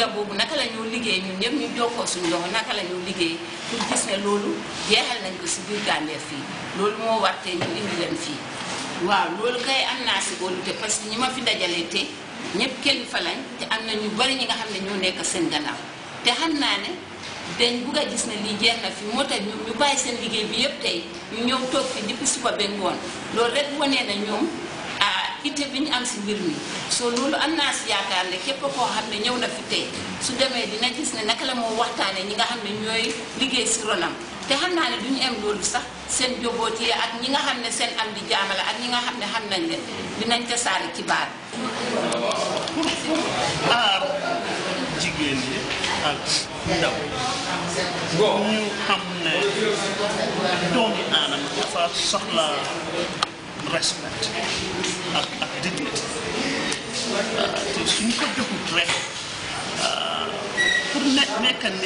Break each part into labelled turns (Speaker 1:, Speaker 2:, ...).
Speaker 1: résultat boobu naka la ñu liggéey ñun ñëpp ñu jokkoo suñ loxo naka la ñu liggéey pour gis ne loolu jeexal nañ ko si biir Gambia fii loolu moo war te ñu indi leen fii waaw loolu kay am naa si óolute parce que ñi ma fi dajalee te ñëpp kilifa lañ te am na ñu bari ñi nga xam ne ñoo nekk seen gannaaw te xam naa ne dañ bugg a gis ne lii jeex na fi moo tax ñu bàyyi seen liggéey bi yëpp tey ñu ñëw toog fi depuis suba ba ngoon loolu rek wane na ñoom itte bi ñu am si mbir mi soo loolu am naa si yaakaar ne képp koo xam ne ñëw na fi tey su demee dina gis ne naka la moo waxtaanee ñi nga xam ne ñooy liggéey si ronam te xam naa ne du ñu am sax seen joboot yi ak ñi nga xam ne seen am di jaamala ak ñi nga xam ne xam nañ ne dinañ ko saari kibaar pour
Speaker 2: jigéen ñi ak ndaw ñu xam ne doomi aadama dafa soxla investment uh, accredited uh, uh, to suñ ko joxut rek pour nekk nekkal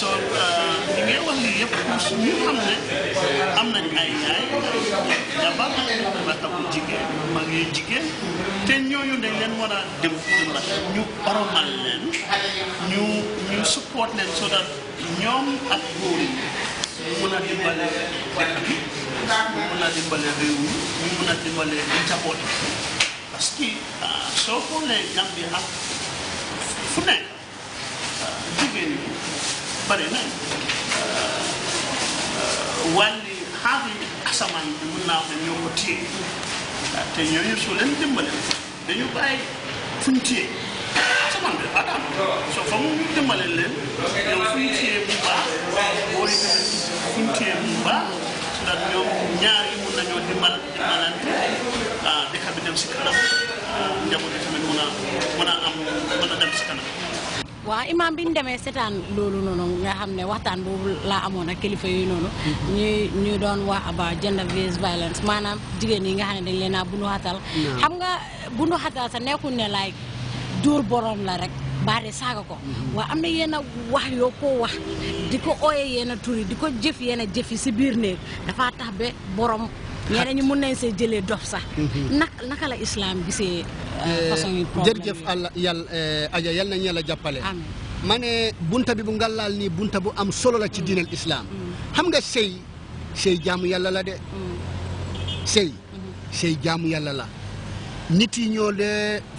Speaker 2: so ñu ngi awal li yëpp pour ñu xam ne am nañ ay yaay jabar rata bu jigéen mag yu jigéen te ñooñu dañ leen war new support dan so that nyom ak mun a dimbale dëkk bi mu mun a dimbale réew mun a dimbale njaboot bi parce que euh, soo xoolee Gambie fu nekk euh, jigéen ñi bëri nañ euh, wàlli xaaru asamaan bi mun naa ko ñoo ko téye te ñooñu su leen dimbale dañu bàyyi fuñ téye asamaan bi adam soo fa mu dimbale leen yow fuñ téye bu baax ba sudat ñoom ñaar yi mun nañoo dimbal dimbalante ah, dëkk bi dem si kanam njaboot ah, yi tamit mun a mun a am mun a dem si kanam
Speaker 1: waa imam bi ñu demee ya, seetaan loolu nga ya, xam ne waxtaan boobu laa amoon ak kilifa yooyu noonu ñuy ñu doon wax about gender based violence maanaam jigéen yi nga xam ne dañ leen a bundu xatal xam nga bundu xatal sa nekkul ne like dur borom la rek baare saaga ko waa am na yenn wax yoo koo wax di ko ooyee yenn tur di ko jëf yenn jëf yi si biir ne dafa tax ba
Speaker 2: borom ñeneen ñi mun nañ see jëlee dof sax mhm. naka naka la islaam gisee eh, euh, façon yu problème jërëjëf yal eh, nañ yàlla jàppale ma ne bunta bi bu nga laal nii bunta bu am solo la ci mm. diinal islam mm. xam nga sëy sëy jaamu yàlla la de mm. sëy mm-hmm. sëy jaamu yàlla la nit yi ñoo de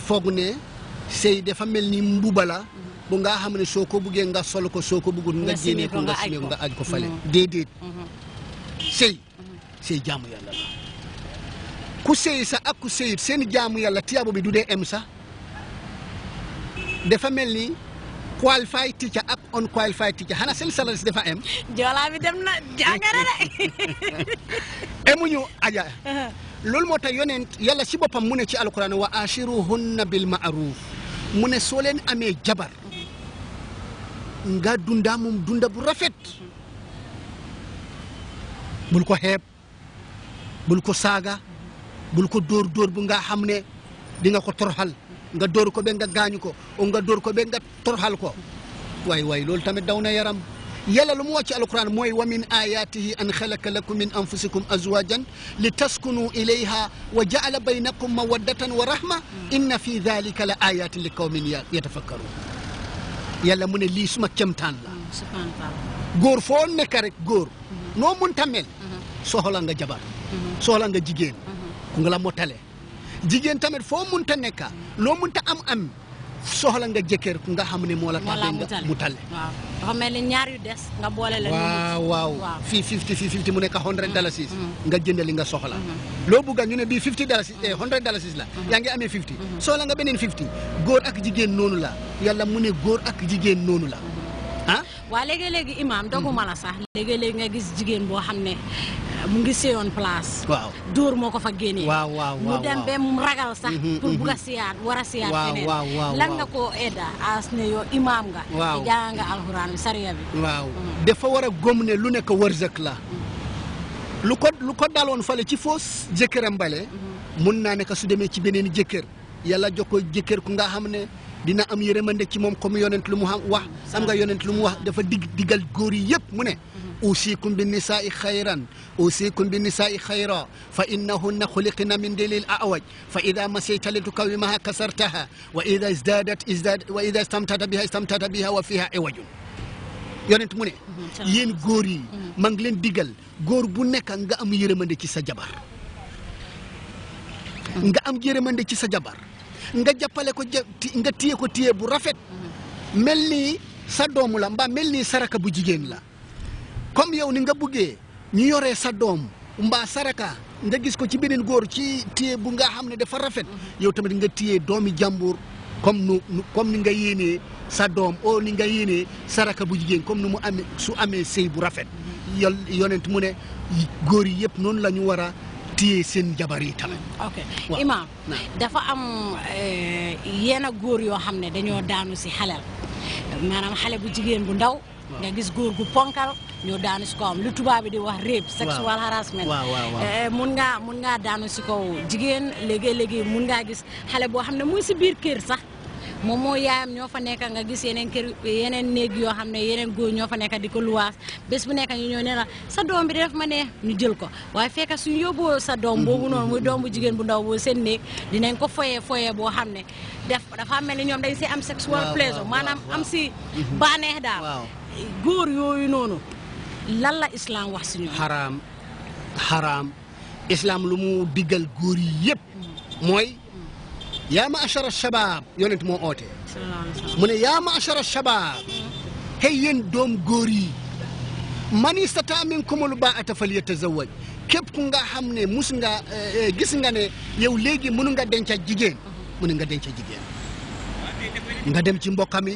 Speaker 2: foog ne sëy dafa mel ni mbuba bu nga xam ne soo ko buggee nga sol ko soo ko buggul nga génnee ko nga simi nga aj ko fale mm-hmm. déedéet mm-hmm. sëy sëy jaamu yàlla ku sëy sa ak ku sëyut seen jaamu yàlla tiyaabo bi du dee em sax dafa mel ni qualified teacher ak unqualified teacher xanaa seen salaire dafa em
Speaker 1: joolaa dem na jàngale de
Speaker 2: emuñu aja uh-huh. mota yonen yalla bopam mune ci alquran wa ashiruhunna bil ma'ruf mune so leen amé jabar nga dunda mum dunda bu rafet bul ko heb bul ko saga bul ko dor dor bu nga xam ne di nga ko torhal nga dor ko be nga gañu ko o nga dor ko be nga torhal ko way way loolu tamit daw na yaram yàlla lu mu wàcc alquran mooy wa min ayatihi an xalaqa lakum min anfusikum azwajan li taskunu ilayha wa jaala baynakum mawaddatan wa rahma inna fi dalika la ayatin li qawmin yatafakkarun yàlla mu ne lii suma kemtaan la
Speaker 1: mm,
Speaker 2: góor foo nekk rek góor mm-hmm. noo munta mel mm-hmm. soxla nga jabar mm-hmm. soxla nga jigéen ku nga la motale jigéen tamit foo munta nekka loo munta am am soxla nga jëkkër nga xam ne moo la tax nga mu tale
Speaker 1: waaw dafa mel ni ñaar yu des nga boole la waaw waaw
Speaker 2: fii fifty fii fifty mu nekk hundred mm-hmm. dalasis mm-hmm. nga jënd li nga soxla mm-hmm. loo bugga ñu ne bii fifty dalasis eh hundred dalasis la yaa ngi amee fifty soxla nga beneen fifty góor ak jigéen noonu la yalla mu ne góor ak jigéen noonu la ah
Speaker 1: waa léegi-léegi imaam doguma la sax léegi-léegi nga gis jigéen boo xam ne mu ngi séyoon place. waaw dóor moo ko fa génnee. waaw waaw mu dem ba mu ragal sax. Mhm, pour mhm. bugg siyaat war a siyaat. feneen lan nga koo edda as ne yow imaam nga. waaw te nga alxuraan bi sariya bi.
Speaker 2: Mhm. dafa war a gom lu nekk wërsëg la. lu ko lu ko daloon fale ci foos jëkkëram bale. mun naa ne ka su demee ci beneen jëkkër yàlla jox ko jëkkër ku nga xam ne. dina am de ci mom comme yonent lu mu wax am nga yonent lu mu wax dafa dig digal goor yep mu ne usikum bin nisa'i khayran usikum bin nisa'i khayra fa innahunna khuliqna min dilil a'waj fa idha masayta litukawimaha kasartaha wa idha izdadat izdad wa idha istamtata biha istamtata biha wa fiha iwaj yonent mu ne yeen goor yi ma ngi len digal goor bu nek nga am yeremande ci sa jabar nga am yeremande ci sa jabar nga jàppale ko ja nga téye ko téye bu rafet mel nii sa doomu la mbaa mel nii saraka bu jigéen la comme yow ni nga buggee ñu yoree sa doom mbaa saraka nga gis ko ci beneen góor ci téye bu nga xam ne dafa rafet mm-hmm. yow tamit nga téye doomi jàmbur comme nu comme ni nga yéenee sa doom o ni nga yéenee saraka bu jigéen comme nu mu amee su amee sëy bu rafet mm-hmm. yol yonent mu ne góor yi yëpp noonu la ñu war a téye seen jabar yi tamit. ok
Speaker 1: Imaam dafa am euh, yenn góor yoo xam ne dañoo daanu si xalal maanaam xale bu jigéen bu ndaw. nga gis góor gu ponkal ñoo daanu si kawam lu tubaab bi di wax rape sexual harassment euh, mun ngaa mun ngaa daanu si kaw jigéen léegi léegi mun ngaa gis xale boo xam ne muy si biir kër sax. moom moo yaayam ñoo fa nekk nga gis yeneen kër yeneen néeg yoo xam ne yeneen góor ñoo fa nekka di ko luwaas bés bu nekka ñoo ñëw nee na sa doom bi def ma ne ñu jël ko waaye fekk suñu yóbboo sa doom boobu noonu muy doom bu jigéen bu ndaw boobu seen néeg dinañ ko foyee foyee boo xam ne def dafa mel ni ñoom dañ si am sexual pleasure maanaam am si baaneex mhm. daal
Speaker 2: góor yooyu noonu lan la islam wax si ñoom xaraam xaraam islam lu mu diggal góor yi yëpp mhm. mooy yaa ma'ashara shabaab yonent moo oote mu ne yaa ma'ashara shabaab hey yéen doom góor yi man istataa minkumul baa'ata falyatazawwaj képp ku nga xam ne mus nga eh, eh, gis nga ne yow léegi mënu nga denca jigéen mënu nga denca jigéen nga dem ci mbokkam mi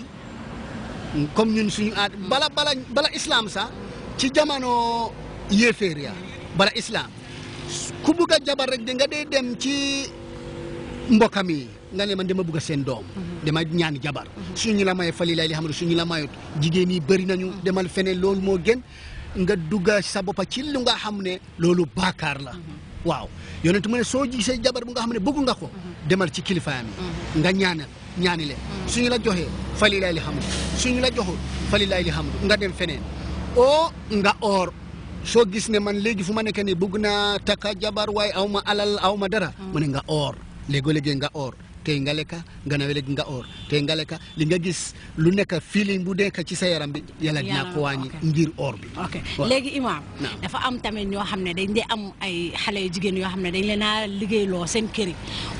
Speaker 2: comme ñun suñu aat bala bala bala islam sax ci jamono yéeféer ya bala islam ku bugg jabar rek di nga dee dem ci mbokkam yi nga ne man dama bëgg seen doom dama ñaani jabar suñu la maye fali lay li xam suñu la mayut jigéen yi bëri nañu demal feneen loolu moo gën nga dugga sa boppa ci lu nga xam ne loolu baakaar la waaw yonent ti ne soo gisee jabar bu nga xam ne bëgg nga ko demal ci kilifaayam yi nga ñaanal ñaani leen suñu la joxee fali lay li xam suñu la joxul fali lay li xam nga dem feneen oo nga oor soo gis ne man léegi fu ma nekk ni bëgg na takka jabar waaye aw ma alal aw ma dara nga oor léegoo-léegi nga or tey nga lekka gannaaw-léegi nga or tey nga lekka li nga gis lu nekk feeling bu nekk ci sa yaram bi yàlla dinaa ko wàññi ngir oor bi
Speaker 1: ok léegi imaam dafa am tamit ñoo xam ne dañ dee am ay xale yu jigéen yoo xam ne dañ leen a liggéeyloo seen këri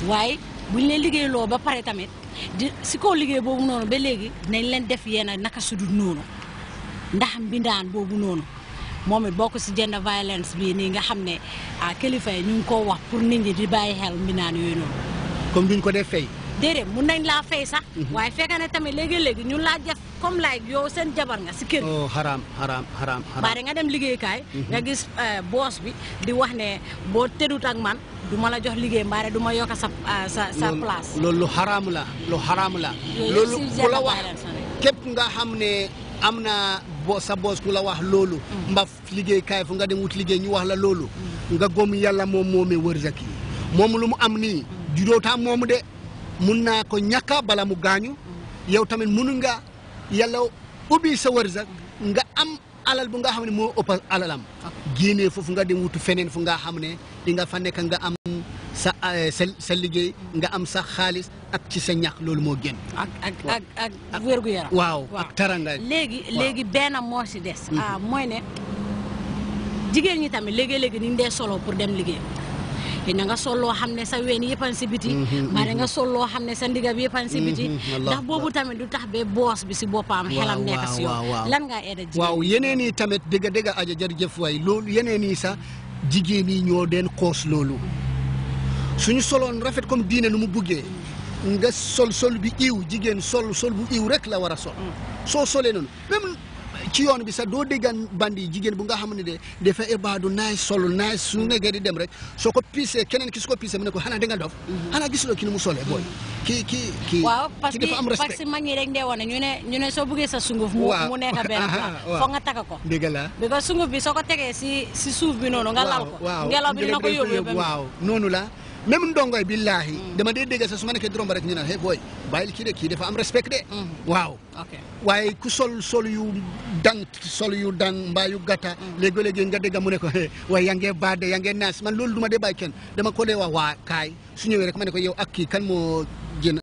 Speaker 1: waaye buñ leen liggéeyloo ba pare tamit si ko liggéey boobu noonu ba léegi nañ leen def yéen a naka sudul noonu ndax mbindaan boobu noonu moom it bokk si gender violence bi nii nga xam ne a ah, kilifa yi ñu ngi koo wax pour nit ñi di bàyyi xel mbinaan yooyu noonu.
Speaker 2: comme duñ ko def fay.
Speaker 1: déedéet mun nañ laa fay sax. Mhm. waaye fekk ne tamit léegi-léegi ñun laa def comme like yow seen jabar nga si
Speaker 2: kër gi. Oh, haram haram haram bari
Speaker 1: nga dem liggéeykaay. Mhm. nga gis eh, boos bi di wax ne boo tëddut ak man du ma la jox liggéey mbaare duma ma ah, sa sa sa place. loolu lu
Speaker 2: la lu haram la. loolu ku wax képp nga xam ne. am na bo sa boos ku la wax loolu mm. mbaf liggéey kaay fu nga dem wut liggéey ñu wax la loolu mm. nga gom yàlla moom moomee wërsëg yi moom lu mu am ni mm. judóotaa moomu de mun naa ko ñàkka bala mu gaañu yow tamit munu nga yalla ubbi sa nga am alal bu nga xam ne moo ëpp alalam génnee foofu nga dem wutu feneen fu nga xam ne di fa nekk nga am sa sa eh, sa liggéey nga am sa xaalis ak ci sa ñax loolu moo génn. ak
Speaker 1: ak ak ak wérgu yaram. waaw ak nga léegi léegi benn moo si des. Mm-hmm. ah mooy ne jigéen ñi tamit léegi léegi ni dee solo pour dem liggéey. na nga sol loo xam ne sa ween yëppan si biti mm-hmm, mbaa nga mm-hmm. sol loo xam ne sa ndiga bi yëppan si biti ndax boobu tamit du tax ba boos bi si boppam xelam nekk si yow lan nga aida jigéen
Speaker 2: waaw yeneen tamit dëgg dëgg aja jërëjëf waay loolu yeneen yi sax jigéen yi ñoo deen xoos loolu suñu solon rafet comme diiné nu mu buggee nga sol sol bi iw jigen sol sol bu iw rek la wara sol mm. so solé non même ci yoon bi sa do degan bandi jigen bu nga xam ne de dafa ibadu nay sol nay su nekkee di dem rek soko ko kenen keneen ki su ko piisee mu ko nga dof mm-hmm. gis lo ki ni mu solee ki ki ki waaw
Speaker 1: parce que parce que mag ñi rek ndé woon ñu né ñu né so buggé sa sunguf mu mu ka benn foog nga taka
Speaker 2: ko dëgg la
Speaker 1: sunguf bi soko tégué si si suuf bi nonu nga lal ko ngelaw bi dina ko waaw
Speaker 2: nonu la même ndongo yi billaahi mm. dama dee dégg sax su ma nekkee drom ba rek ñu naan hey boy bàyyil kii de kii dafa am respecte mm. waaw waaye ku sol sol yu dan sol yu dan mbaa yu gàtta mm. léegi-léegi nga dégg mu ne ko waaye yaa ngee baade yaa ngee naas man loolu du ma dee bàyyi kenn dama ko dee waa kaay su ñëwee rek ma ne ko yow ak kii kan moo